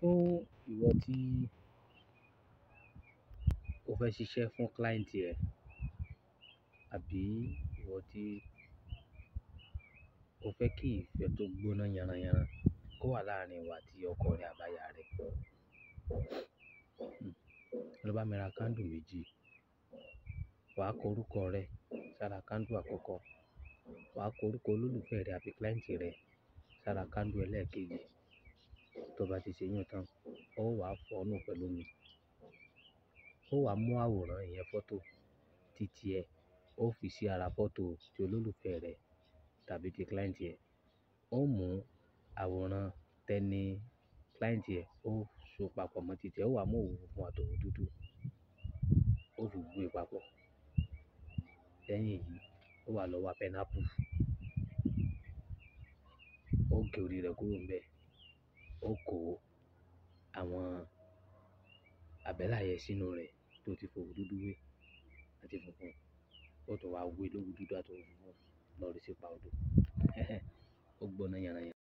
Fún ìwọ tí o fẹ́ ṣiṣẹ́ fún client ẹ, àbí ìwọ tí o fẹ́ kí ìfẹ́ tó gbóná yanranyanran kó wà láàárín ìwọ àti ọkọ rẹ àbáya rẹ, hmm. lọ bá mi ra candle méjì. Wà á kọ orúkọ rẹ sára candle àkọ́kọ́, wà á kọ orúkọ olólùfẹ́ rẹ àbí client rẹ sára candle ẹlẹ́ẹ̀kejì. Tó bá ti ṣe iyùn tán, ó wá fọ́ nù pẹ̀lú omi. Ó wá mú àwòrán ìyẹn fọ́tò titi ẹ, ó fi sí ara fọ́tò ti olólùfẹ́ rẹ tàbí ti client ẹ. Ó mú àwòrán tẹni client ẹ, ó so papọ̀ mọ́ titi ẹ, ó wá mú òwú funfun àti òwú dúdú, ó fi gbé papọ̀. Lẹ́yìn èyí, ó wá lọ wa ó gé orí rẹ̀ kúrò níbẹ̀ ó kó àwọn àbẹ́là yẹn sínú rẹ̀ tó ti fòwú dúdú wé àti funfun. Ó tún wá wé lówú dúdú àti funfun lọ rẹ sí pa odò. Ó gbóná yànran yànran.